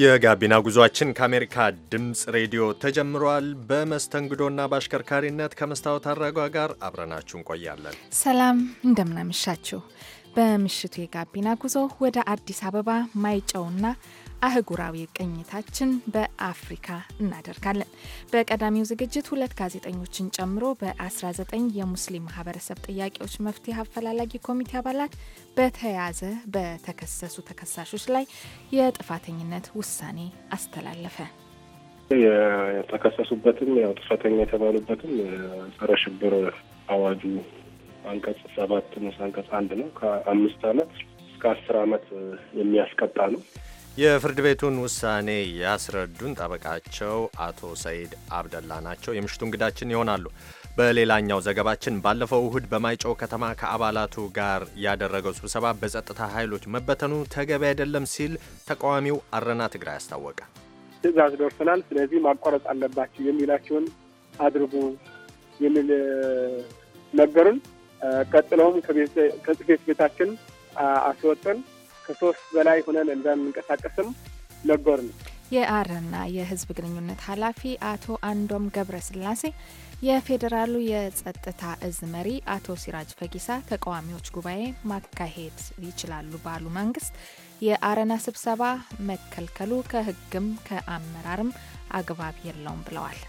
የጋቢና ጉዟችን ከአሜሪካ ድምፅ ሬዲዮ ተጀምሯል። በመስተንግዶና በአሽከርካሪነት ከመስታወት አረጋ ጋር አብረናችሁ እንቆያለን። ሰላም እንደምናመሻችሁ። በምሽቱ የጋቢና ጉዞ ወደ አዲስ አበባ ማይጨውና አህጉራዊ ቅኝታችን በአፍሪካ እናደርጋለን። በቀዳሚው ዝግጅት ሁለት ጋዜጠኞችን ጨምሮ በ19 የሙስሊም ማህበረሰብ ጥያቄዎች መፍትሄ አፈላላጊ ኮሚቴ አባላት በተያዘ በተከሰሱ ተከሳሾች ላይ የጥፋተኝነት ውሳኔ አስተላለፈ። የተከሰሱበትም ያው ጥፋተኛ የተባሉበትም ጸረ ሽብር አዋጁ አንቀጽ ሰባት ንዑስ አንቀጽ አንድ ነው ከአምስት ዓመት እስከ አስር ዓመት የሚያስቀጣ ነው። የፍርድ ቤቱን ውሳኔ ያስረዱን ጠበቃቸው አቶ ሰይድ አብደላ ናቸው። የምሽቱ እንግዳችን ይሆናሉ። በሌላኛው ዘገባችን ባለፈው እሁድ በማይጨው ከተማ ከአባላቱ ጋር ያደረገው ስብሰባ በጸጥታ ኃይሎች መበተኑ ተገቢ አይደለም ሲል ተቃዋሚው አረና ትግራይ አስታወቀ። ትዕዛዝ ደርሰናል፣ ስለዚህ ማቋረጥ አለባቸው የሚላቸውን አድርጉ የሚል ነገሩን። ቀጥለውም ከጽሕፈት ቤታችን አስወጥን ከሶስት በላይ ሆነን እንደምንቀሳቀስም ነበር ነው። የአረና የህዝብ ግንኙነት ኃላፊ አቶ አንዶም ገብረስላሴ የፌዴራሉ የጸጥታ እዝ መሪ አቶ ሲራጅ ፈጊሳ ተቃዋሚዎች ጉባኤ ማካሄድ ይችላሉ ባሉ መንግስት የአረና ስብሰባ መከልከሉ ከህግም ከአመራርም አግባብ የለውም ብለዋል።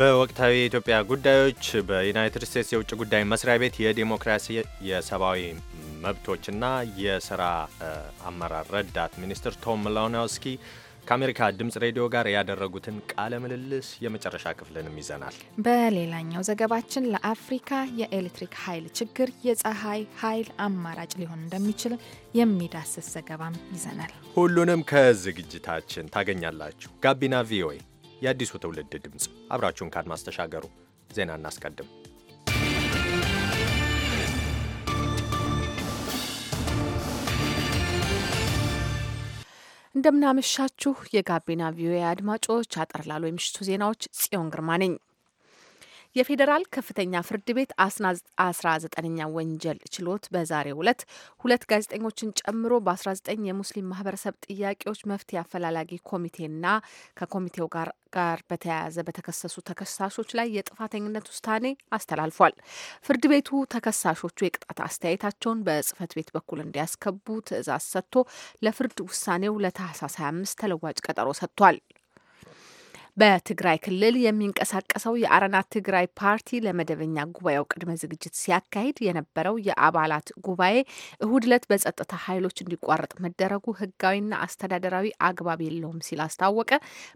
በወቅታዊ የኢትዮጵያ ጉዳዮች በዩናይትድ ስቴትስ የውጭ ጉዳይ መስሪያ ቤት የዲሞክራሲ የሰብአዊ መብቶችና የስራ አመራር ረዳት ሚኒስትር ቶም ላውናውስኪ ከአሜሪካ ድምፅ ሬዲዮ ጋር ያደረጉትን ቃለ ምልልስ የመጨረሻ ክፍልንም ይዘናል። በሌላኛው ዘገባችን ለአፍሪካ የኤሌክትሪክ ኃይል ችግር የፀሐይ ኃይል አማራጭ ሊሆን እንደሚችል የሚዳስስ ዘገባም ይዘናል። ሁሉንም ከዝግጅታችን ታገኛላችሁ። ጋቢና ቪኦኤ የአዲሱ ትውልድ ድምፅ፣ አብራችሁን ካድማስ ተሻገሩ። ዜና እናስቀድም። እንደምናመሻችሁ የጋቢና ቪዮኤ አድማጮች፣ አጠር ላሉ የምሽቱ ዜናዎች ጽዮን ግርማ ነኝ። የፌዴራል ከፍተኛ ፍርድ ቤት አስራ ዘጠነኛ ወንጀል ችሎት በዛሬው ዕለት ሁለት ጋዜጠኞችን ጨምሮ በ19 የሙስሊም ማህበረሰብ ጥያቄዎች መፍትሄ አፈላላጊ ኮሚቴና ከኮሚቴው ጋር ጋር በተያያዘ በተከሰሱ ተከሳሾች ላይ የጥፋተኝነት ውሳኔ አስተላልፏል። ፍርድ ቤቱ ተከሳሾቹ የቅጣት አስተያየታቸውን በጽህፈት ቤት በኩል እንዲያስከቡ ትዕዛዝ ሰጥቶ ለፍርድ ውሳኔው ለታህሳስ 25 ተለዋጭ ቀጠሮ ሰጥቷል። በትግራይ ክልል የሚንቀሳቀሰው የአረና ትግራይ ፓርቲ ለመደበኛ ጉባኤው ቅድመ ዝግጅት ሲያካሂድ የነበረው የአባላት ጉባኤ እሁድ ዕለት በጸጥታ ኃይሎች እንዲቋረጥ መደረጉ ህጋዊና አስተዳደራዊ አግባብ የለውም ሲል አስታወቀ።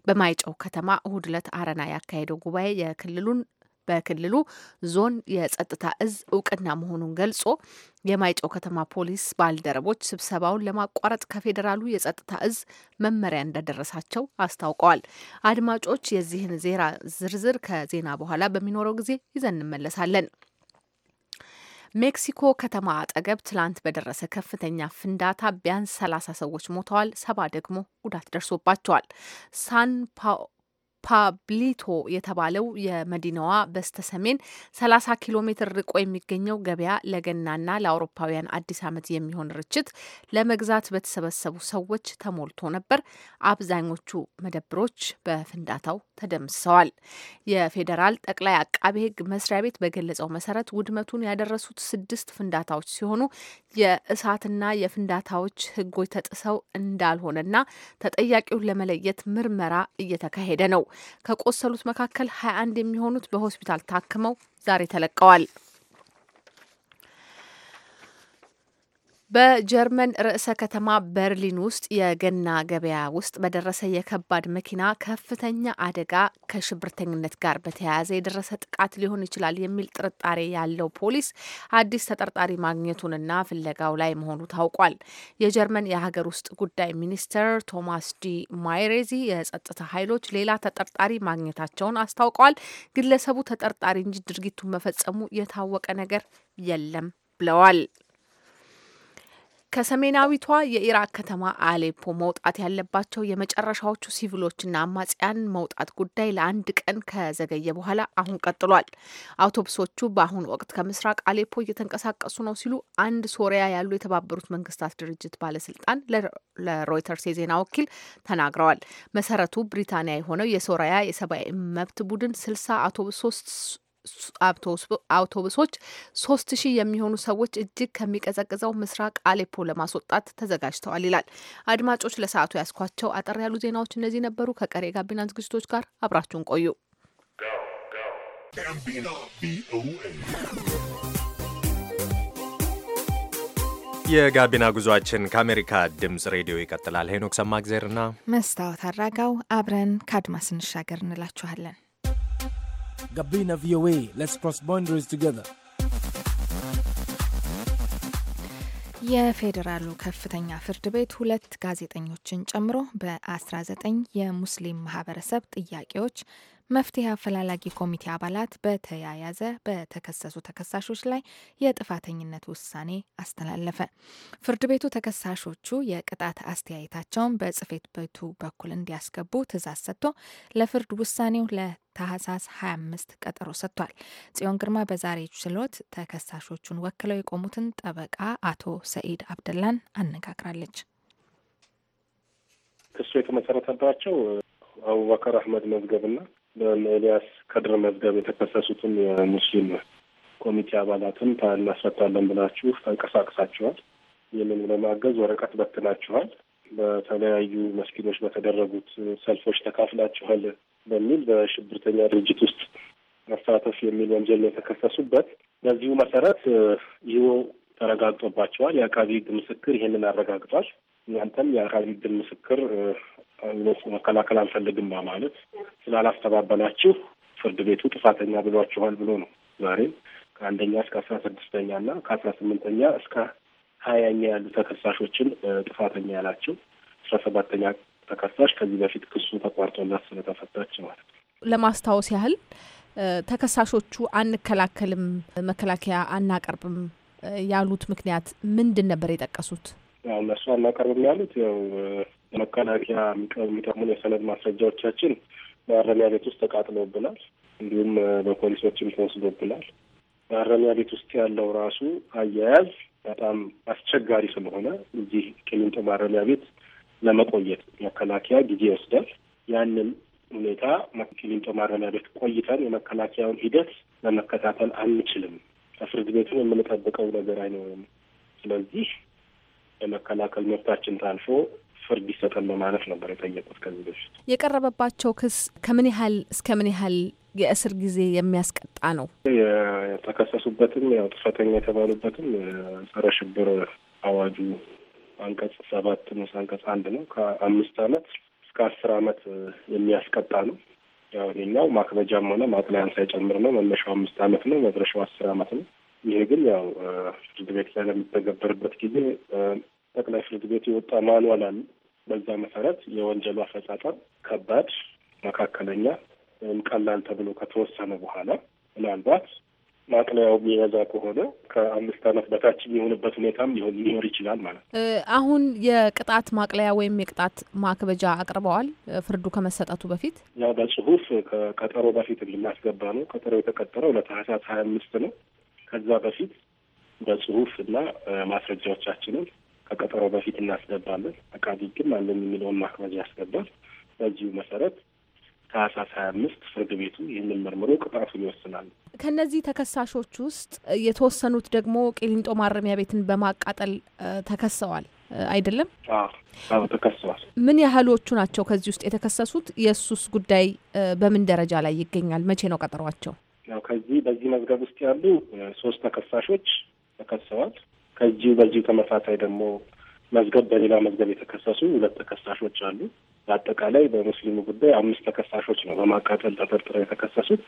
በማይጨው ከተማ እሁድ ዕለት አረና ያካሄደው ጉባኤ የክልሉን በክልሉ ዞን የጸጥታ እዝ እውቅና መሆኑን ገልጾ የማይጨው ከተማ ፖሊስ ባልደረቦች ስብሰባውን ለማቋረጥ ከፌዴራሉ የጸጥታ እዝ መመሪያ እንደደረሳቸው አስታውቀዋል። አድማጮች፣ የዚህን ዜና ዝርዝር ከዜና በኋላ በሚኖረው ጊዜ ይዘን እንመለሳለን። ሜክሲኮ ከተማ አጠገብ ትላንት በደረሰ ከፍተኛ ፍንዳታ ቢያንስ ሰላሳ ሰዎች ሞተዋል፣ ሰባ ደግሞ ጉዳት ደርሶባቸዋል። ሳን ፓብሊቶ የተባለው የመዲናዋ በስተሰሜን 30 ኪሎ ሜትር ርቆ የሚገኘው ገበያ ለገናና ለአውሮፓውያን አዲስ ዓመት የሚሆን ርችት ለመግዛት በተሰበሰቡ ሰዎች ተሞልቶ ነበር። አብዛኞቹ መደብሮች በፍንዳታው ተደምስሰዋል። የፌዴራል ጠቅላይ አቃቤ ሕግ መስሪያ ቤት በገለጸው መሰረት ውድመቱን ያደረሱት ስድስት ፍንዳታዎች ሲሆኑ የእሳትና የፍንዳታዎች ሕጎች ተጥሰው እንዳልሆነና ተጠያቂውን ለመለየት ምርመራ እየተካሄደ ነው። ከቆሰሉት መካከል 21 የሚሆኑት በሆስፒታል ታክመው ዛሬ ተለቀዋል። በጀርመን ርዕሰ ከተማ በርሊን ውስጥ የገና ገበያ ውስጥ በደረሰ የከባድ መኪና ከፍተኛ አደጋ ከሽብርተኝነት ጋር በተያያዘ የደረሰ ጥቃት ሊሆን ይችላል የሚል ጥርጣሬ ያለው ፖሊስ አዲስ ተጠርጣሪ ማግኘቱንና ፍለጋው ላይ መሆኑ ታውቋል። የጀርመን የሀገር ውስጥ ጉዳይ ሚኒስትር ቶማስ ዲ ማይሬዚ የጸጥታ ኃይሎች ሌላ ተጠርጣሪ ማግኘታቸውን አስታውቀዋል። ግለሰቡ ተጠርጣሪ እንጂ ድርጊቱን መፈጸሙ የታወቀ ነገር የለም ብለዋል። ከሰሜናዊቷ የኢራቅ ከተማ አሌፖ መውጣት ያለባቸው የመጨረሻዎቹ ሲቪሎችና አማጽያን መውጣት ጉዳይ ለአንድ ቀን ከዘገየ በኋላ አሁን ቀጥሏል። አውቶቡሶቹ በአሁኑ ወቅት ከምስራቅ አሌፖ እየተንቀሳቀሱ ነው ሲሉ አንድ ሶሪያ ያሉ የተባበሩት መንግስታት ድርጅት ባለስልጣን ለሮይተርስ የዜና ወኪል ተናግረዋል። መሰረቱ ብሪታንያ የሆነው የሶሪያ የሰብአዊ መብት ቡድን ስልሳ አውቶቡሶች አውቶቡሶች ሶስት ሺህ የሚሆኑ ሰዎች እጅግ ከሚቀዘቅዘው ምስራቅ አሌፖ ለማስወጣት ተዘጋጅተዋል ይላል። አድማጮች ለሰዓቱ ያስኳቸው አጠር ያሉ ዜናዎች እነዚህ ነበሩ። ከቀሪ የጋቢና ዝግጅቶች ጋር አብራችሁን ቆዩ። የጋቢና ጉዟችን ከአሜሪካ ድምፅ ሬዲዮ ይቀጥላል። ሄኖክ ሰማግዜርና መስታወት አራጋው አብረን ከአድማስ እንሻገር እንላችኋለን። Gabina VOA. Let's cross boundaries together. የፌዴራሉ ከፍተኛ ፍርድ ቤት ሁለት ጋዜጠኞችን ጨምሮ በ19 የሙስሊም ማህበረሰብ ጥያቄዎች መፍትሄ አፈላላጊ ኮሚቴ አባላት በተያያዘ በተከሰሱ ተከሳሾች ላይ የጥፋተኝነት ውሳኔ አስተላለፈ። ፍርድ ቤቱ ተከሳሾቹ የቅጣት አስተያየታቸውን በጽፌት ቤቱ በኩል እንዲያስገቡ ትዕዛዝ ሰጥቶ ለፍርድ ውሳኔው ለታህሳስ 25 ቀጠሮ ሰጥቷል። ጽዮን ግርማ በዛሬ ችሎት ተከሳሾቹን ወክለው የቆሙትን ጠበቃ አቶ ሰኢድ አብደላን አነጋግራለች። ክሱ የተመሰረተባቸው አቡበከር አህመድ መዝገብና በእነ ኤልያስ ከድር መዝገብ የተከሰሱትን የሙስሊም ኮሚቴ አባላትን እናስፈታለን ብላችሁ ተንቀሳቅሳችኋል። ይህንን ለማገዝ ወረቀት በትናችኋል። በተለያዩ መስጊዶች በተደረጉት ሰልፎች ተካፍላችኋል በሚል በሽብርተኛ ድርጅት ውስጥ መሳተፍ የሚል ወንጀል ነው የተከሰሱበት። በዚሁ መሰረት ይኸው ተረጋግጦባቸዋል። የአቃቢ ሕግ ምስክር ይህንን አረጋግጧል። እናንተም የአካል ድል ምስክር መከላከል አልፈልግም በማለት ስላላስተባበላችሁ ፍርድ ቤቱ ጥፋተኛ ብሏችኋል ብሎ ነው ዛሬም ከአንደኛ እስከ አስራ ስድስተኛ እና ከአስራ ስምንተኛ እስከ ሀያኛ ያሉ ተከሳሾችን ጥፋተኛ ያላቸው አስራ ሰባተኛ ተከሳሽ ከዚህ በፊት ክሱ ተቋርጦላት ስለተፈታች ማለት ነው። ለማስታወስ ያህል ተከሳሾቹ አንከላከልም፣ መከላከያ አናቀርብም ያሉት ምክንያት ምንድን ነበር የጠቀሱት? እነሱ አናቀርብም ያሉት ያው ለመከላከያ የሚጠቅሙን የሰነድ ማስረጃዎቻችን በአረሚያ ቤት ውስጥ ተቃጥሎብናል፣ እንዲሁም በፖሊሶችም ተወስዶብናል። ማረሚያ ቤት ውስጥ ያለው ራሱ አያያዝ በጣም አስቸጋሪ ስለሆነ እዚህ ቅሊንጦ ማረሚያ ቤት ለመቆየት መከላከያ ጊዜ ይወስዳል። ያንን ሁኔታ ቅሊንጦ ማረሚያ ቤት ቆይተን የመከላከያውን ሂደት ለመከታተል አንችልም። ከፍርድ ቤቱን የምንጠብቀው ነገር አይኖርም። ስለዚህ የመከላከል መብታችን ታልፎ ፍርድ ይሰጠን በማለት ነበር የጠየቁት። ከዚህ በፊት የቀረበባቸው ክስ ከምን ያህል እስከ ምን ያህል የእስር ጊዜ የሚያስቀጣ ነው። የተከሰሱበትም ያው ጥፋተኛ የተባሉበትም ጸረ ሽብር አዋጁ አንቀጽ ሰባት ንዑስ አንቀጽ አንድ ነው። ከአምስት አመት እስከ አስር አመት የሚያስቀጣ ነው። ያው ማክበጃም ሆነ ማጥለያን ሳይጨምር ነው። መነሻው አምስት አመት ነው፣ መድረሻው አስር ዓመት ነው። ይሄ ግን ያው ፍርድ ቤት ላይ ለሚተገበርበት ጊዜ ጠቅላይ ፍርድ ቤት የወጣ ማንዋል አለ። በዛ መሰረት የወንጀሉ አፈጻጸም ከባድ፣ መካከለኛ ወይም ቀላል ተብሎ ከተወሰነ በኋላ ምናልባት ማቅለያው የሚበዛ ከሆነ ከአምስት ዓመት በታች የሚሆንበት ሁኔታም ሊሆን ሊኖር ይችላል ማለት ነው። አሁን የቅጣት ማቅለያ ወይም የቅጣት ማክበጃ አቅርበዋል። ፍርዱ ከመሰጠቱ በፊት ያው በጽሁፍ ከቀጠሮ በፊት እንድናስገባ ነው። ቀጠሮ የተቀጠረው ለታህሳስ ሀያ አምስት ነው። ከዛ በፊት በጽሁፍ እና ማስረጃዎቻችንን ከቀጠሮ በፊት እናስገባለን። አቃቢ ግን ማንም የሚለውን ማክበዝ ያስገባል። በዚሁ መሰረት ታህሳስ ሀያ አምስት ፍርድ ቤቱ ይህንን መርምሮ ቅጣቱን ይወስናል። ከእነዚህ ተከሳሾች ውስጥ የተወሰኑት ደግሞ ቂሊንጦ ማረሚያ ቤትን በማቃጠል ተከሰዋል አይደለም? ተከሰዋል። ምን ያህሎቹ ናቸው ከዚህ ውስጥ የተከሰሱት? የእሱስ ጉዳይ በምን ደረጃ ላይ ይገኛል? መቼ ነው ቀጠሯቸው? ያው ከዚህ በዚህ መዝገብ ውስጥ ያሉ ሶስት ተከሳሾች ተከሰዋል። ከዚሁ በዚሁ ተመሳሳይ ደግሞ መዝገብ በሌላ መዝገብ የተከሰሱ ሁለት ተከሳሾች አሉ። በአጠቃላይ በሙስሊሙ ጉዳይ አምስት ተከሳሾች ነው በማቃጠል ተጠርጥረው የተከሰሱት።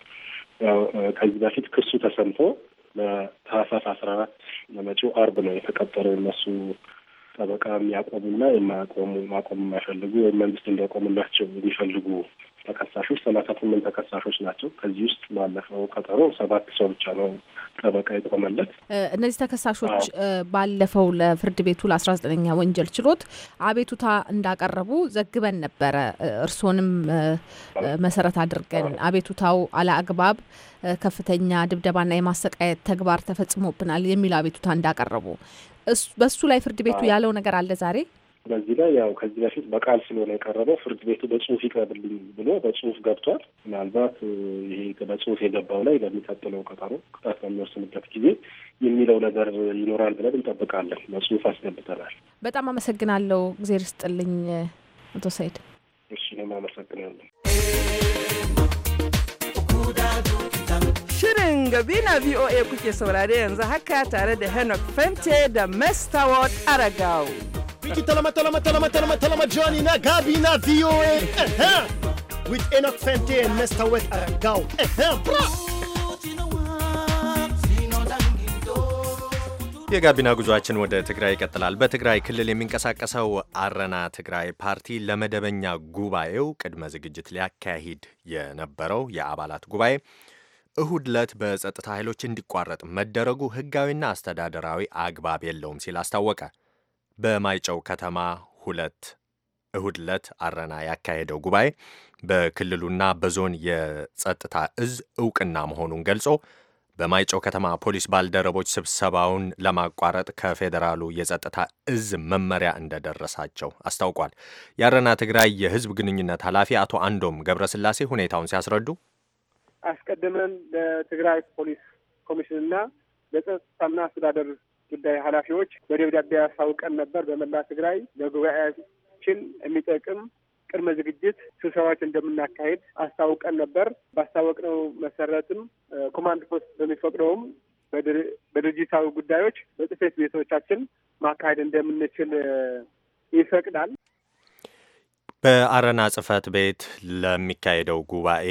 ያው ከዚህ በፊት ክሱ ተሰምቶ ለታህሳስ አስራ አራት ለመጪው አርብ ነው የተቀጠረው። የነሱ ጠበቃ የሚያቆሙና የማያቆሙ ማቆም የማይፈልጉ ወይም መንግስት እንዲያቆምላቸው የሚፈልጉ ተከሳሾች ሰላሳ ስምንት ተከሳሾች ናቸው። ከዚህ ውስጥ ባለፈው ቀጠሮ ሰባት ሰው ብቻ ነው ጠበቃ የቆመለት። እነዚህ ተከሳሾች ባለፈው ለፍርድ ቤቱ ለአስራ ዘጠነኛ ወንጀል ችሎት አቤቱታ እንዳቀረቡ ዘግበን ነበረ። እርስዎንም መሰረት አድርገን አቤቱታው አለአግባብ ከፍተኛ ድብደባና የማሰቃየት ተግባር ተፈጽሞብናል የሚል አቤቱታ እንዳቀረቡ በሱ ላይ ፍርድ ቤቱ ያለው ነገር አለ ዛሬ በዚህ ላይ ያው ከዚህ በፊት በቃል ስለሆነ የቀረበው ፍርድ ቤቱ በጽሁፍ ይቅረብልኝ ብሎ በጽሁፍ ገብቷል። ምናልባት ይሄ በጽሁፍ የገባው ላይ ለሚቀጥለው ቀጠሮ ቅጣት በሚወስንበት ጊዜ የሚለው ነገር ይኖራል ብለን እንጠብቃለን። በጽሁፍ አስገብተናል። በጣም አመሰግናለሁ። እግዜር ስጥልኝ አቶ ሰይድ። እሺ እኔም አመሰግናለሁ። Shirin Gabina VOA kuke saurare yanzu haka tare da Henok Fente da Mestaward Aragao. Vicky Talama, Talama, Talama, Talama, Talama, Johnny na Gabi, na VOA. Eh, eh. With Enoch Fenty and Mr. Wet Aragao. Uh-huh, eh, bro. የጋቢና ጉዟችን ወደ ትግራይ ይቀጥላል። በትግራይ ክልል የሚንቀሳቀሰው አረና ትግራይ ፓርቲ ለመደበኛ ጉባኤው ቅድመ ዝግጅት ሊያካሂድ የነበረው የአባላት ጉባኤ እሁድ ዕለት በጸጥታ ኃይሎች እንዲቋረጥ መደረጉ ሕጋዊና አስተዳደራዊ አግባብ የለውም ሲል አስታወቀ። በማይጨው ከተማ ሁለት እሁድ ዕለት አረና ያካሄደው ጉባኤ በክልሉና በዞን የጸጥታ እዝ እውቅና መሆኑን ገልጾ በማይጨው ከተማ ፖሊስ ባልደረቦች ስብሰባውን ለማቋረጥ ከፌዴራሉ የጸጥታ እዝ መመሪያ እንደደረሳቸው አስታውቋል። የአረና ትግራይ የህዝብ ግንኙነት ኃላፊ አቶ አንዶም ገብረስላሴ ሁኔታውን ሲያስረዱ አስቀድመን ለትግራይ ፖሊስ ኮሚሽንና ለጸጥታና አስተዳደር ጉዳይ ኃላፊዎች በደብዳቤ ያሳውቀን ነበር። በመላ ትግራይ ለጉባኤያችን የሚጠቅም ቅድመ ዝግጅት ስብሰባዎች እንደምናካሄድ አስታውቀን ነበር። ባስታወቅነው መሰረትም ኮማንድ ፖስት በሚፈቅደውም በድርጅታዊ ጉዳዮች በጽሕፈት ቤቶቻችን ማካሄድ እንደምንችል ይፈቅዳል። በአረና ጽህፈት ቤት ለሚካሄደው ጉባኤ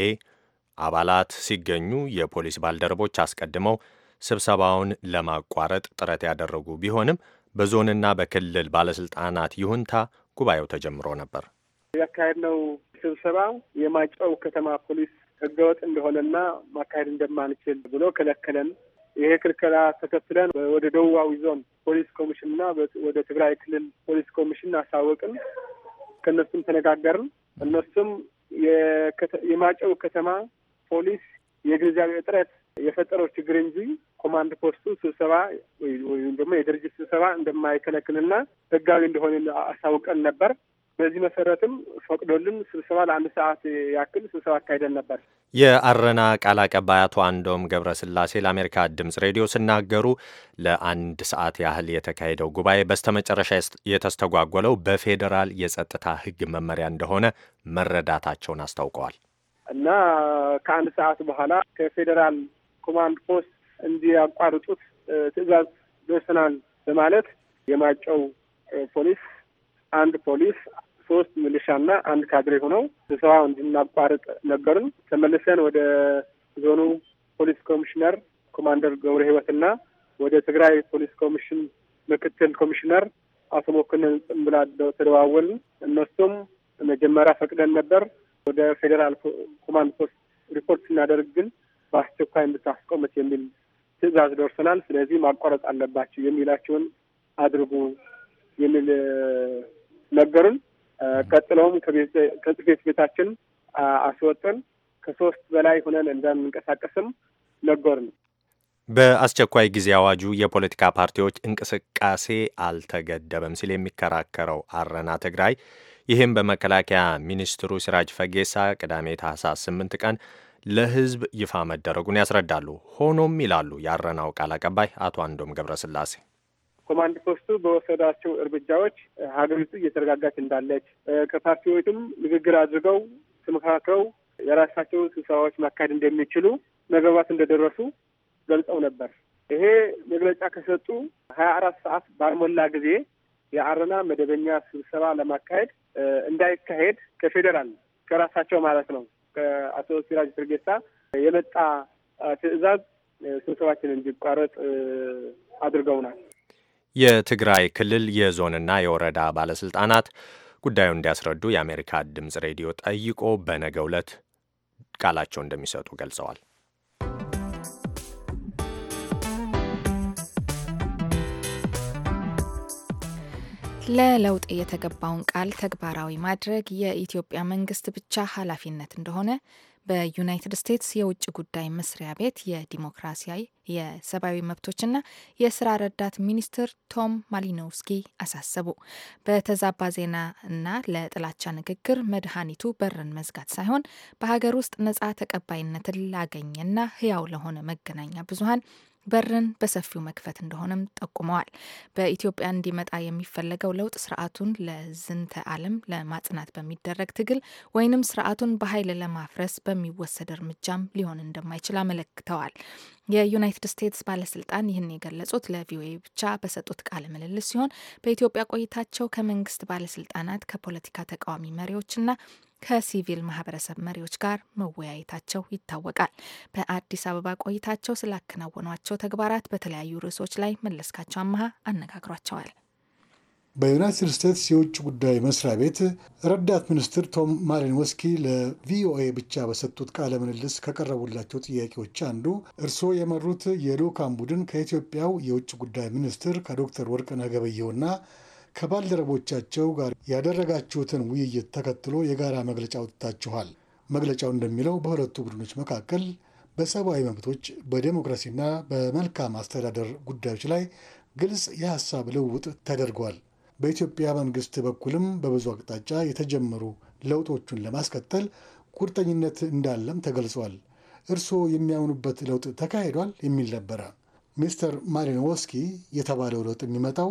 አባላት ሲገኙ የፖሊስ ባልደረቦች አስቀድመው ስብሰባውን ለማቋረጥ ጥረት ያደረጉ ቢሆንም በዞንና በክልል ባለስልጣናት ይሁንታ ጉባኤው ተጀምሮ ነበር። ያካሄድነው ስብሰባ የማይጨው ከተማ ፖሊስ ህገወጥ እንደሆነና ማካሄድ እንደማንችል ብሎ ከለከለን። ይሄ ክልከላ ተከትለን ወደ ደቡባዊ ዞን ፖሊስ ኮሚሽንና ወደ ትግራይ ክልል ፖሊስ ኮሚሽን አሳወቅን። ከእነሱም ተነጋገርን። እነሱም የማጨው ከተማ ፖሊስ የግንዛቤ እጥረት የፈጠረው ችግር እንጂ ኮማንድ ፖስቱ ስብሰባ ወይም ደግሞ የድርጅት ስብሰባ እንደማይከለክልና ህጋዊ እንደሆነ አሳውቀን ነበር። በዚህ መሰረትም ፈቅዶልን ስብሰባ ለአንድ ሰዓት ያክል ስብሰባ አካሂደን ነበር። የአረና ቃል አቀባይ አቶ አንዶም ገብረስላሴ ለአሜሪካ ድምጽ ሬዲዮ ሲናገሩ ለአንድ ሰዓት ያህል የተካሄደው ጉባኤ በስተመጨረሻ የተስተጓጎለው በፌዴራል የጸጥታ ህግ መመሪያ እንደሆነ መረዳታቸውን አስታውቀዋል። እና ከአንድ ሰዓት በኋላ ከፌዴራል ኮማንድ ፖስት እንዲያቋርጡት ትዕዛዝ ደርሰናል በማለት የማጨው ፖሊስ አንድ ፖሊስ ሶስት ሚሊሻና አንድ ካድሬ ሆነው ስብሰባ እንድናቋርጥ ነገሩን። ተመልሰን ወደ ዞኑ ፖሊስ ኮሚሽነር ኮማንደር ገብረ ህይወትና ወደ ትግራይ ፖሊስ ኮሚሽን ምክትል ኮሚሽነር አቶ ሞክንን ጽምብላ ተደዋወልን። እነሱም መጀመሪያ ፈቅደን ነበር። ወደ ፌዴራል ኮማንድ ፖስት ሪፖርት ስናደርግ ግን በአስቸኳይ እንድታስቆምት የሚል ትዕዛዝ ደርሰናል፣ ስለዚህ ማቋረጥ አለባቸው የሚላቸውን አድርጉ የሚል ነገሩን። ቀጥለውም ከጽፌት ቤታችን አስወጥን ከሶስት በላይ ሆነን እንዳንንቀሳቀስም ነገሩን። በአስቸኳይ ጊዜ አዋጁ የፖለቲካ ፓርቲዎች እንቅስቃሴ አልተገደበም ሲል የሚከራከረው አረና ትግራይ ይህም በመከላከያ ሚኒስትሩ ሲራጅ ፈጌሳ ቅዳሜ ታህሳስ 8 ቀን ለህዝብ ይፋ መደረጉን ያስረዳሉ። ሆኖም ይላሉ የአረናው ቃል አቀባይ አቶ አንዶም ገብረስላሴ ኮማንድ ፖስቱ በወሰዳቸው እርምጃዎች ሀገሪቱ እየተረጋጋች እንዳለች ከፓርቲዎቹም ንግግር አድርገው ተመካክረው የራሳቸውን ስብሰባዎች ማካሄድ እንደሚችሉ መግባባት እንደደረሱ ገልጸው ነበር። ይሄ መግለጫ ከሰጡ ሀያ አራት ሰዓት ባልሞላ ጊዜ የአረና መደበኛ ስብሰባ ለማካሄድ እንዳይካሄድ ከፌዴራል ከራሳቸው ማለት ነው ከአቶ ሲራጅ ትርጌሳ የመጣ ትዕዛዝ ስብሰባችን እንዲቋረጥ አድርገውናል። የትግራይ ክልል የዞንና የወረዳ ባለስልጣናት ጉዳዩን እንዲያስረዱ የአሜሪካ ድምፅ ሬዲዮ ጠይቆ በነገ ዕለት ቃላቸው እንደሚሰጡ ገልጸዋል። ለለውጥ የተገባውን ቃል ተግባራዊ ማድረግ የኢትዮጵያ መንግስት ብቻ ኃላፊነት እንደሆነ በዩናይትድ ስቴትስ የውጭ ጉዳይ መስሪያ ቤት የዲሞክራሲያዊ የሰብአዊ መብቶችና የስራ ረዳት ሚኒስትር ቶም ማሊኖውስኪ አሳሰቡ። በተዛባ ዜና እና ለጥላቻ ንግግር መድኃኒቱ በርን መዝጋት ሳይሆን በሀገር ውስጥ ነጻ ተቀባይነትን ላገኘና ህያው ለሆነ መገናኛ ብዙሀን በርን በሰፊው መክፈት እንደሆነም ጠቁመዋል። በኢትዮጵያ እንዲመጣ የሚፈለገው ለውጥ ስርዓቱን ለዝንተ ዓለም ለማጽናት በሚደረግ ትግል ወይንም ስርዓቱን በኃይል ለማፍረስ በሚወሰድ እርምጃም ሊሆን እንደማይችል አመለክተዋል። የዩናይትድ ስቴትስ ባለስልጣን ይህን የገለጹት ለቪኦኤ ብቻ በሰጡት ቃለ ምልልስ ሲሆን በኢትዮጵያ ቆይታቸው ከመንግስት ባለስልጣናት፣ ከፖለቲካ ተቃዋሚ መሪዎችና ከሲቪል ማህበረሰብ መሪዎች ጋር መወያየታቸው ይታወቃል። በአዲስ አበባ ቆይታቸው ስላከናወኗቸው ተግባራት በተለያዩ ርዕሶች ላይ መለስካቸው አመሃ አነጋግሯቸዋል። በዩናይትድ ስቴትስ የውጭ ጉዳይ መስሪያ ቤት ረዳት ሚኒስትር ቶም ማሊንወስኪ ለቪኦኤ ብቻ በሰጡት ቃለ ምልልስ ከቀረቡላቸው ጥያቄዎች አንዱ እርስዎ የመሩት የልዑካን ቡድን ከኢትዮጵያው የውጭ ጉዳይ ሚኒስትር ከዶክተር ወርቅነህ ገበየሁና ከባልደረቦቻቸው ጋር ያደረጋችሁትን ውይይት ተከትሎ የጋራ መግለጫ ወጥታችኋል። መግለጫው እንደሚለው በሁለቱ ቡድኖች መካከል በሰብአዊ መብቶች በዴሞክራሲና በመልካም አስተዳደር ጉዳዮች ላይ ግልጽ የሀሳብ ልውውጥ ተደርጓል። በኢትዮጵያ መንግስት በኩልም በብዙ አቅጣጫ የተጀመሩ ለውጦቹን ለማስቀጠል ቁርጠኝነት እንዳለም ተገልጿል። እርስዎ የሚያምኑበት ለውጥ ተካሂዷል የሚል ነበረ። ሚስተር ማሊኖወስኪ የተባለው ለውጥ የሚመጣው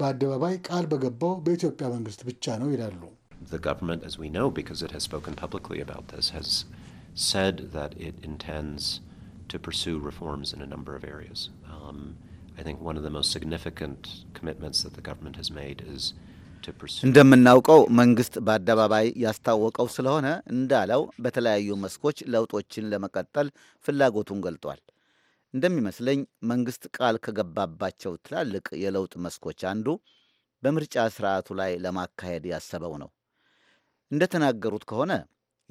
በአደባባይ ቃል በገባው በኢትዮጵያ መንግስት ብቻ ነው ይላሉ። መንግስት እንደምናውቀው መንግስት በአደባባይ ያስታወቀው ስለሆነ እንዳለው በተለያዩ መስኮች ለውጦችን ለመቀጠል ፍላጎቱን ገልጧል። እንደሚመስለኝ መንግስት ቃል ከገባባቸው ትላልቅ የለውጥ መስኮች አንዱ በምርጫ ስርዓቱ ላይ ለማካሄድ ያሰበው ነው። እንደተናገሩት ከሆነ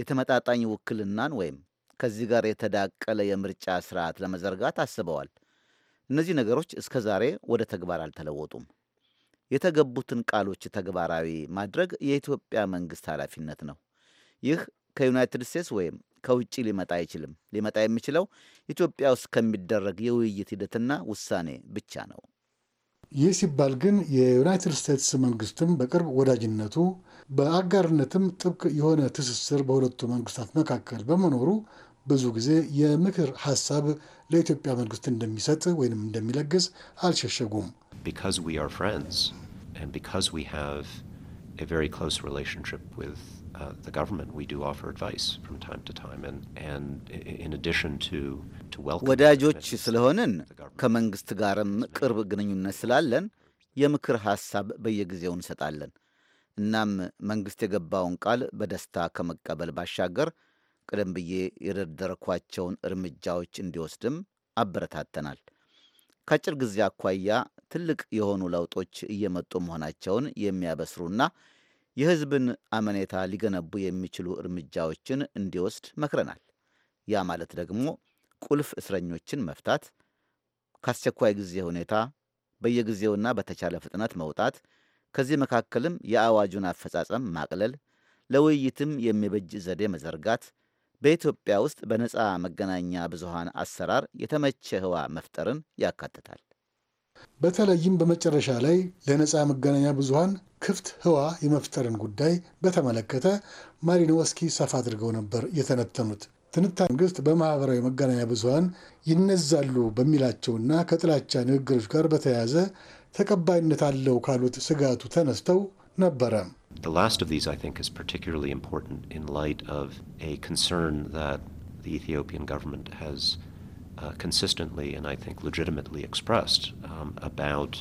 የተመጣጣኝ ውክልናን ወይም ከዚህ ጋር የተዳቀለ የምርጫ ስርዓት ለመዘርጋት አስበዋል። እነዚህ ነገሮች እስከ ዛሬ ወደ ተግባር አልተለወጡም። የተገቡትን ቃሎች ተግባራዊ ማድረግ የኢትዮጵያ መንግስት ኃላፊነት ነው። ይህ ከዩናይትድ ስቴትስ ወይም ከውጭ ሊመጣ አይችልም። ሊመጣ የሚችለው ኢትዮጵያ ውስጥ ከሚደረግ የውይይት ሂደትና ውሳኔ ብቻ ነው። ይህ ሲባል ግን የዩናይትድ ስቴትስ መንግስትም በቅርብ ወዳጅነቱ በአጋርነትም ጥብቅ የሆነ ትስስር በሁለቱ መንግስታት መካከል በመኖሩ ብዙ ጊዜ የምክር ሀሳብ ለኢትዮጵያ መንግስት እንደሚሰጥ ወይንም እንደሚለግስ አልሸሸጉም። ወዳጆች ስለሆንን ከመንግስት ጋርም ቅርብ ግንኙነት ስላለን የምክር ሐሳብ በየጊዜው እንሰጣለን። እናም መንግስት የገባውን ቃል በደስታ ከመቀበል ባሻገር ቀደም ብዬ የደረደርኳቸውን እርምጃዎች እንዲወስድም አበረታተናል። ከአጭር ጊዜ አኳያ ትልቅ የሆኑ ለውጦች እየመጡ መሆናቸውን የሚያበስሩና የሕዝብን አመኔታ ሊገነቡ የሚችሉ እርምጃዎችን እንዲወስድ መክረናል። ያ ማለት ደግሞ ቁልፍ እስረኞችን መፍታት፣ ከአስቸኳይ ጊዜ ሁኔታ በየጊዜውና በተቻለ ፍጥነት መውጣት፣ ከዚህ መካከልም የአዋጁን አፈጻጸም ማቅለል፣ ለውይይትም የሚበጅ ዘዴ መዘርጋት በኢትዮጵያ ውስጥ በነፃ መገናኛ ብዙሃን አሰራር የተመቸ ህዋ መፍጠርን ያካትታል። በተለይም በመጨረሻ ላይ ለነፃ መገናኛ ብዙሃን ክፍት ህዋ የመፍጠርን ጉዳይ በተመለከተ ማሪኖወስኪ ሰፋ አድርገው ነበር የተነተኑት። ትንታኔ መንግስት በማህበራዊ መገናኛ ብዙሃን ይነዛሉ በሚላቸውና ከጥላቻ ንግግሮች ጋር በተያያዘ ተቀባይነት አለው ካሉት ስጋቱ ተነስተው ነበረ። ኢትዮጵያን ገቨርንመንት ሃዝ consistently and I think legitimately expressed um, about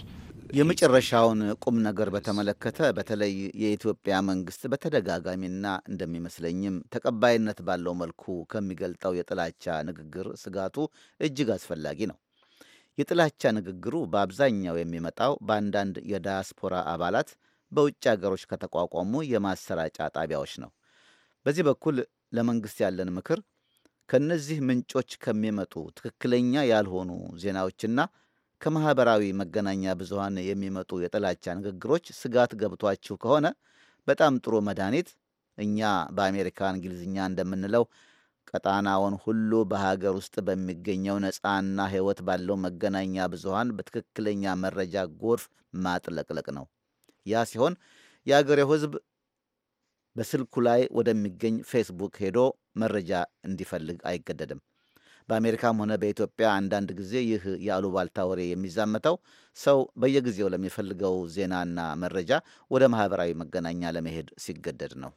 የመጨረሻውን ቁም ነገር በተመለከተ በተለይ የኢትዮጵያ መንግስት በተደጋጋሚና እንደሚመስለኝም ተቀባይነት ባለው መልኩ ከሚገልጠው የጥላቻ ንግግር ስጋቱ እጅግ አስፈላጊ ነው። የጥላቻ ንግግሩ በአብዛኛው የሚመጣው በአንዳንድ የዳያስፖራ አባላት በውጭ ሀገሮች ከተቋቋሙ የማሰራጫ ጣቢያዎች ነው። በዚህ በኩል ለመንግስት ያለን ምክር ከነዚህ ምንጮች ከሚመጡ ትክክለኛ ያልሆኑ ዜናዎችና ከማኅበራዊ መገናኛ ብዙሃን የሚመጡ የጥላቻ ንግግሮች ስጋት ገብቷችሁ ከሆነ በጣም ጥሩ መድኃኒት እኛ በአሜሪካ እንግሊዝኛ እንደምንለው ቀጣናውን ሁሉ በሀገር ውስጥ በሚገኘው ነፃና ሕይወት ባለው መገናኛ ብዙሃን በትክክለኛ መረጃ ጎርፍ ማጥለቅለቅ ነው። ያ ሲሆን የአገሬው ሕዝብ በስልኩ ላይ ወደሚገኝ ፌስቡክ ሄዶ መረጃ እንዲፈልግ አይገደድም። በአሜሪካም ሆነ በኢትዮጵያ አንዳንድ ጊዜ ይህ የአሉባልታ ወሬ የሚዛመተው ሰው በየጊዜው ለሚፈልገው ዜናና መረጃ ወደ ማህበራዊ መገናኛ ለመሄድ ሲገደድ ነው።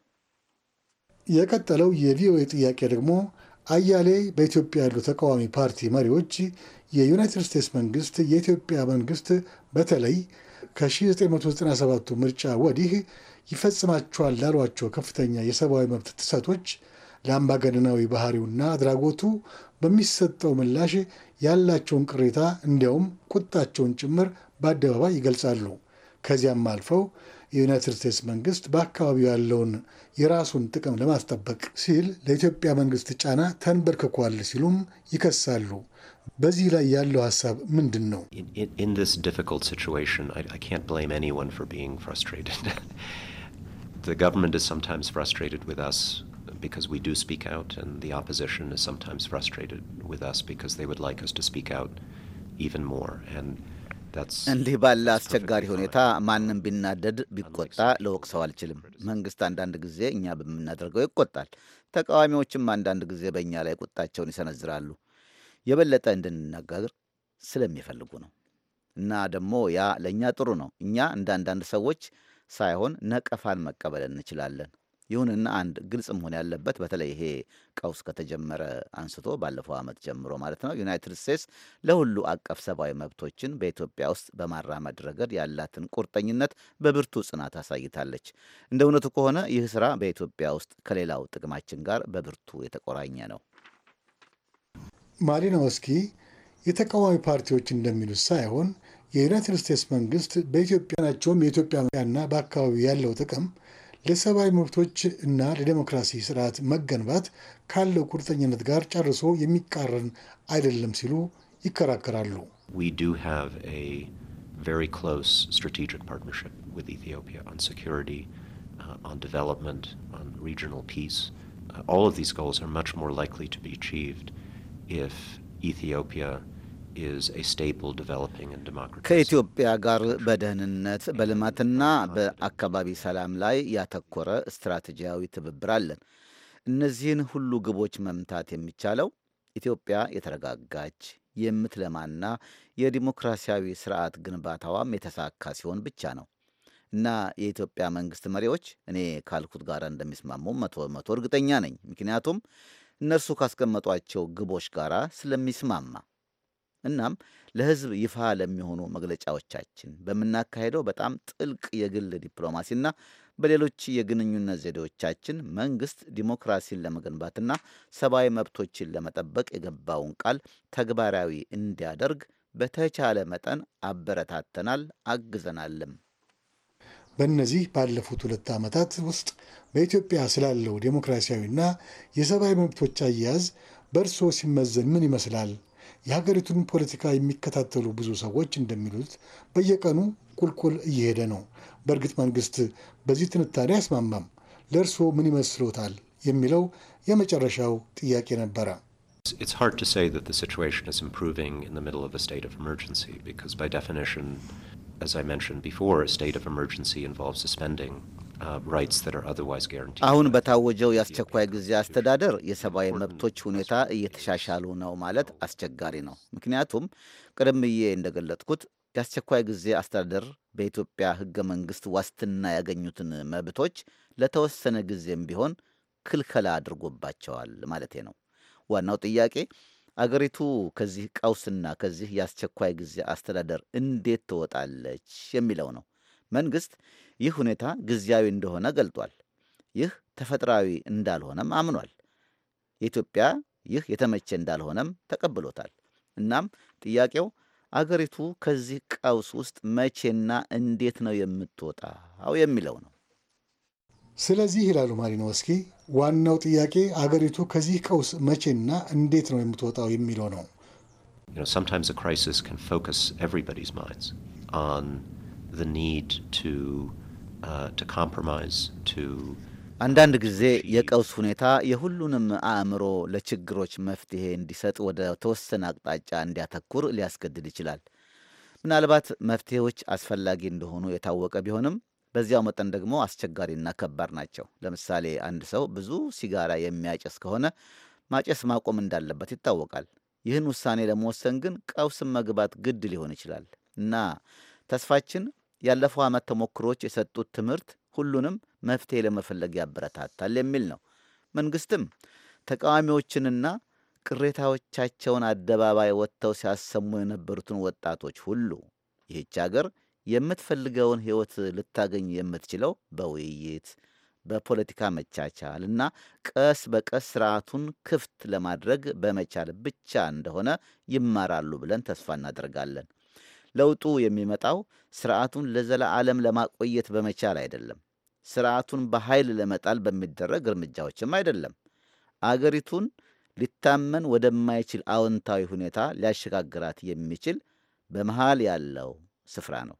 የቀጠለው የቪኦኤ ጥያቄ ደግሞ አያሌ በኢትዮጵያ ያሉ ተቃዋሚ ፓርቲ መሪዎች የዩናይትድ ስቴትስ መንግስት የኢትዮጵያ መንግስት በተለይ ከ1997 ምርጫ ወዲህ ይፈጽማቸዋል ላሏቸው ከፍተኛ የሰብአዊ መብት ጥሰቶች ለአምባገነናዊ ባህሪውና አድራጎቱ በሚሰጠው ምላሽ ያላቸውን ቅሬታ እንዲያውም ቁጣቸውን ጭምር በአደባባይ ይገልጻሉ። ከዚያም አልፈው የዩናይትድ ስቴትስ መንግስት በአካባቢው ያለውን የራሱን ጥቅም ለማስጠበቅ ሲል ለኢትዮጵያ መንግስት ጫና ተንበርክኳል ሲሉም ይከሳሉ። በዚህ ላይ ያለው ሀሳብ ምንድን ነው? because we do speak out, and the opposition is sometimes frustrated with us because they would like us to speak እንዲህ ባለ አስቸጋሪ ሁኔታ ማንም ቢናደድ ቢቆጣ ለወቅሰው አልችልም። መንግስት አንዳንድ ጊዜ እኛ በምናደርገው ይቆጣል። ተቃዋሚዎችም አንዳንድ ጊዜ በእኛ ላይ ቁጣቸውን ይሰነዝራሉ። የበለጠ እንድንነጋገር ስለሚፈልጉ ነው። እና ደግሞ ያ ለእኛ ጥሩ ነው። እኛ እንደ አንዳንድ ሰዎች ሳይሆን ነቀፋን መቀበል እንችላለን። ይሁንና አንድ ግልጽ መሆን ያለበት በተለይ ይሄ ቀውስ ከተጀመረ አንስቶ ባለፈው ዓመት ጀምሮ ማለት ነው ዩናይትድ ስቴትስ ለሁሉ አቀፍ ሰብአዊ መብቶችን በኢትዮጵያ ውስጥ በማራመድ ረገድ ያላትን ቁርጠኝነት በብርቱ ጽናት አሳይታለች። እንደ እውነቱ ከሆነ ይህ ስራ በኢትዮጵያ ውስጥ ከሌላው ጥቅማችን ጋር በብርቱ የተቆራኘ ነው። ማሊኖውስኪ የተቃዋሚ ፓርቲዎች እንደሚሉት ሳይሆን የዩናይትድ ስቴትስ መንግስት በኢትዮጵያ ናቸውም የኢትዮጵያና በአካባቢ ያለው ጥቅም ለሰብአዊ መብቶች እና ለዴሞክራሲ ስርዓት መገንባት ካለው ቁርጠኝነት ጋር ጨርሶ የሚቃረን አይደለም ሲሉ ይከራከራሉ። ኢትዮጵያ ከኢትዮጵያ ጋር በደህንነት በልማትና በአካባቢ ሰላም ላይ ያተኮረ ስትራቴጂያዊ ትብብር አለን። እነዚህን ሁሉ ግቦች መምታት የሚቻለው ኢትዮጵያ የተረጋጋች የምትለማና የዲሞክራሲያዊ ስርዓት ግንባታዋም የተሳካ ሲሆን ብቻ ነው እና የኢትዮጵያ መንግስት መሪዎች እኔ ካልኩት ጋር እንደሚስማሙ መቶ መቶ እርግጠኛ ነኝ። ምክንያቱም እነርሱ ካስቀመጧቸው ግቦች ጋር ስለሚስማማ እናም ለሕዝብ ይፋ ለሚሆኑ መግለጫዎቻችን በምናካሄደው በጣም ጥልቅ የግል ዲፕሎማሲና በሌሎች የግንኙነት ዘዴዎቻችን መንግስት ዲሞክራሲን ለመገንባትና ሰብአዊ መብቶችን ለመጠበቅ የገባውን ቃል ተግባራዊ እንዲያደርግ በተቻለ መጠን አበረታተናል፣ አግዘናልም። በእነዚህ ባለፉት ሁለት ዓመታት ውስጥ በኢትዮጵያ ስላለው ዴሞክራሲያዊና የሰብአዊ መብቶች አያያዝ በእርስዎ ሲመዘን ምን ይመስላል? የሀገሪቱን ፖለቲካ የሚከታተሉ ብዙ ሰዎች እንደሚሉት በየቀኑ ቁልቁል እየሄደ ነው። በእርግጥ መንግስት በዚህ ትንታኔ አስማማም? ለእርስዎ ምን ይመስሎታል? የሚለው የመጨረሻው ጥያቄ ነበረ። It's hard to say that the situation is improving in the middle of a state of emergency because by definition አሁን በታወጀው የአስቸኳይ ጊዜ አስተዳደር የሰብአዊ መብቶች ሁኔታ እየተሻሻሉ ነው ማለት አስቸጋሪ ነው። ምክንያቱም ቀደም እንደገለጥኩት የአስቸኳይ ጊዜ አስተዳደር በኢትዮጵያ ሕገ መንግሥት ዋስትና ያገኙትን መብቶች ለተወሰነ ጊዜም ቢሆን ክልከላ አድርጎባቸዋል ማለቴ ነው። ዋናው ጥያቄ አገሪቱ ከዚህ ቀውስና ከዚህ የአስቸኳይ ጊዜ አስተዳደር እንዴት ትወጣለች የሚለው ነው። መንግሥት ይህ ሁኔታ ጊዜያዊ እንደሆነ ገልጧል። ይህ ተፈጥሯዊ እንዳልሆነም አምኗል። የኢትዮጵያ ይህ የተመቸ እንዳልሆነም ተቀብሎታል። እናም ጥያቄው አገሪቱ ከዚህ ቀውስ ውስጥ መቼና እንዴት ነው የምትወጣው የሚለው ነው። ስለዚህ ይላሉ ማሪኖ እስኪ ዋናው ጥያቄ አገሪቱ ከዚህ ቀውስ መቼና እንዴት ነው የምትወጣው የሚለው ነው። uh, uh, አንዳንድ ጊዜ የቀውስ ሁኔታ የሁሉንም አእምሮ ለችግሮች መፍትሄ እንዲሰጥ ወደ ተወሰነ አቅጣጫ እንዲያተኩር ሊያስገድድ ይችላል። ምናልባት መፍትሄዎች አስፈላጊ እንደሆኑ የታወቀ ቢሆንም በዚያው መጠን ደግሞ አስቸጋሪና ከባድ ናቸው። ለምሳሌ አንድ ሰው ብዙ ሲጋራ የሚያጨስ ከሆነ ማጨስ ማቆም እንዳለበት ይታወቃል። ይህን ውሳኔ ለመወሰን ግን ቀውስን መግባት ግድ ሊሆን ይችላል እና ተስፋችን ያለፈው ዓመት ተሞክሮች የሰጡት ትምህርት ሁሉንም መፍትሄ ለመፈለግ ያበረታታል የሚል ነው። መንግስትም ተቃዋሚዎችንና ቅሬታዎቻቸውን አደባባይ ወጥተው ሲያሰሙ የነበሩትን ወጣቶች ሁሉ ይህች አገር የምትፈልገውን ሕይወት ልታገኝ የምትችለው በውይይት በፖለቲካ መቻቻል እና ቀስ በቀስ ስርዓቱን ክፍት ለማድረግ በመቻል ብቻ እንደሆነ ይማራሉ ብለን ተስፋ እናደርጋለን። ለውጡ የሚመጣው ስርዓቱን ለዘላለም ለማቆየት በመቻል አይደለም። ስርዓቱን በኃይል ለመጣል በሚደረግ እርምጃዎችም አይደለም። አገሪቱን ሊታመን ወደማይችል አዎንታዊ ሁኔታ ሊያሸጋግራት የሚችል በመሃል ያለው ስፍራ ነው።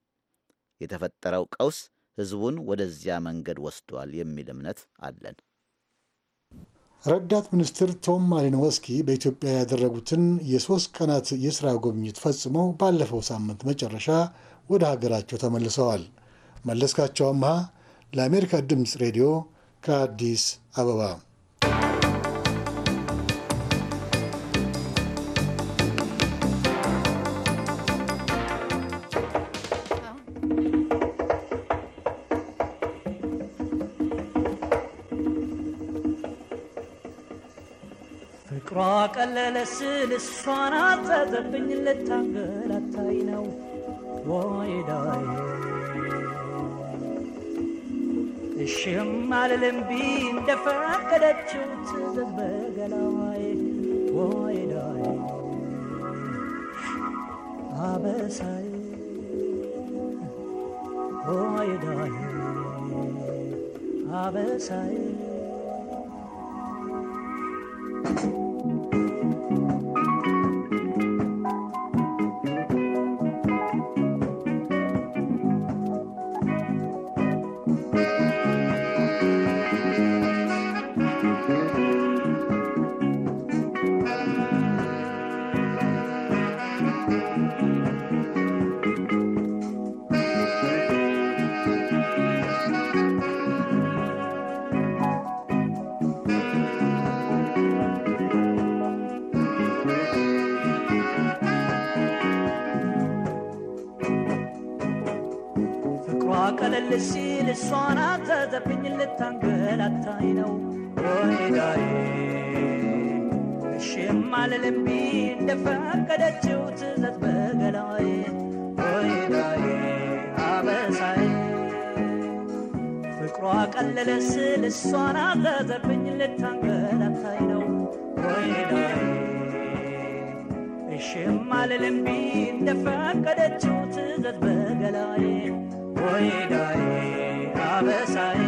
የተፈጠረው ቀውስ ህዝቡን ወደዚያ መንገድ ወስዷል የሚል እምነት አለን። ረዳት ሚኒስትር ቶም ማሊኖወስኪ በኢትዮጵያ ያደረጉትን የሶስት ቀናት የስራ ጉብኝት ፈጽመው ባለፈው ሳምንት መጨረሻ ወደ ሀገራቸው ተመልሰዋል። መለስካቸው አምሃ ለአሜሪካ ድምፅ ሬዲዮ ከአዲስ አበባ ስል እሷን አጸጸብኝ ልታንገላታይ ነው ወይዳይ እሽም አልልምቢ እንደፈቀደችው ትዘዝ በገላዋይ ወይዳይ አበሳይ ወይዳይ አበሳይ Thank you. ቀለል ሲል እሷን አዘዘብኝ ልታንገላታኝ ነው ወይዳዬ እሽም አልልምቢ እንደፈቀደችው ትዘት በገላዬ ወይዳዬ አበሳዬ ፍቅሯ ቀለለ ስል እሷን አዘዘብኝ ልታንገላታኝ ነው ወይዳዬ እሽም አልልምቢ እንደፈቀደችው ትዘት በገላዬ ወይዳዬ አበሳዬ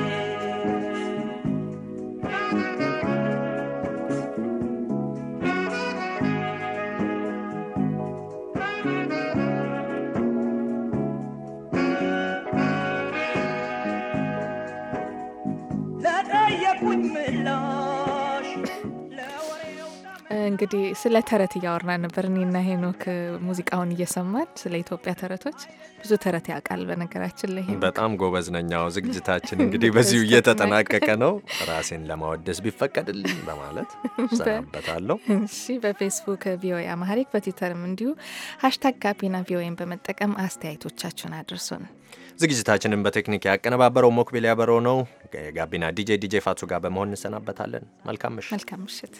እንግዲህ ስለ ተረት እያወራን ነበር እኔና ሄኖክ ሙዚቃውን እየሰማን ስለ ኢትዮጵያ ተረቶች። ብዙ ተረት ያውቃል በነገራችን ላይ በጣም ጎበዝ ነኛው። ዝግጅታችን እንግዲህ በዚሁ እየተጠናቀቀ ነው። ራሴን ለማወደስ ቢፈቀድልኝ በማለት ሰናበታለሁ። እሺ፣ በፌስቡክ ቪኦኤ አማሪክ በትዊተርም እንዲሁ ሀሽታግ ጋቢና ቪኦኤን በመጠቀም አስተያየቶቻችሁን አድርሱን። ዝግጅታችንን በቴክኒክ ያቀነባበረው ሞክቢል ያበረው ነው። የጋቢና ዲጄ ዲጄ ፋቱ ጋር በመሆን እንሰናበታለን። መልካም ምሽት። መልካም ምሽት።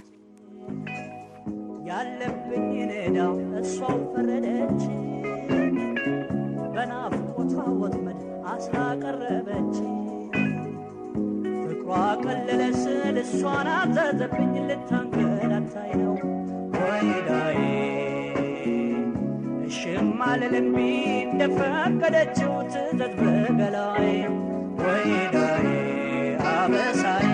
ያለብኝ እዳ እሷው ፈረደች፣ በናፍቆቷ ወጥመድ አስራ ቀረበች። ፍቅሯ ቀለለ ስል እሷን አዘዘብኝ ልታንገላታይ ነው ወይዳዬ እሽም አልልም እንደፈቀደችው ትዘዝ በገላዬ ወይዳዬ አበሳዬ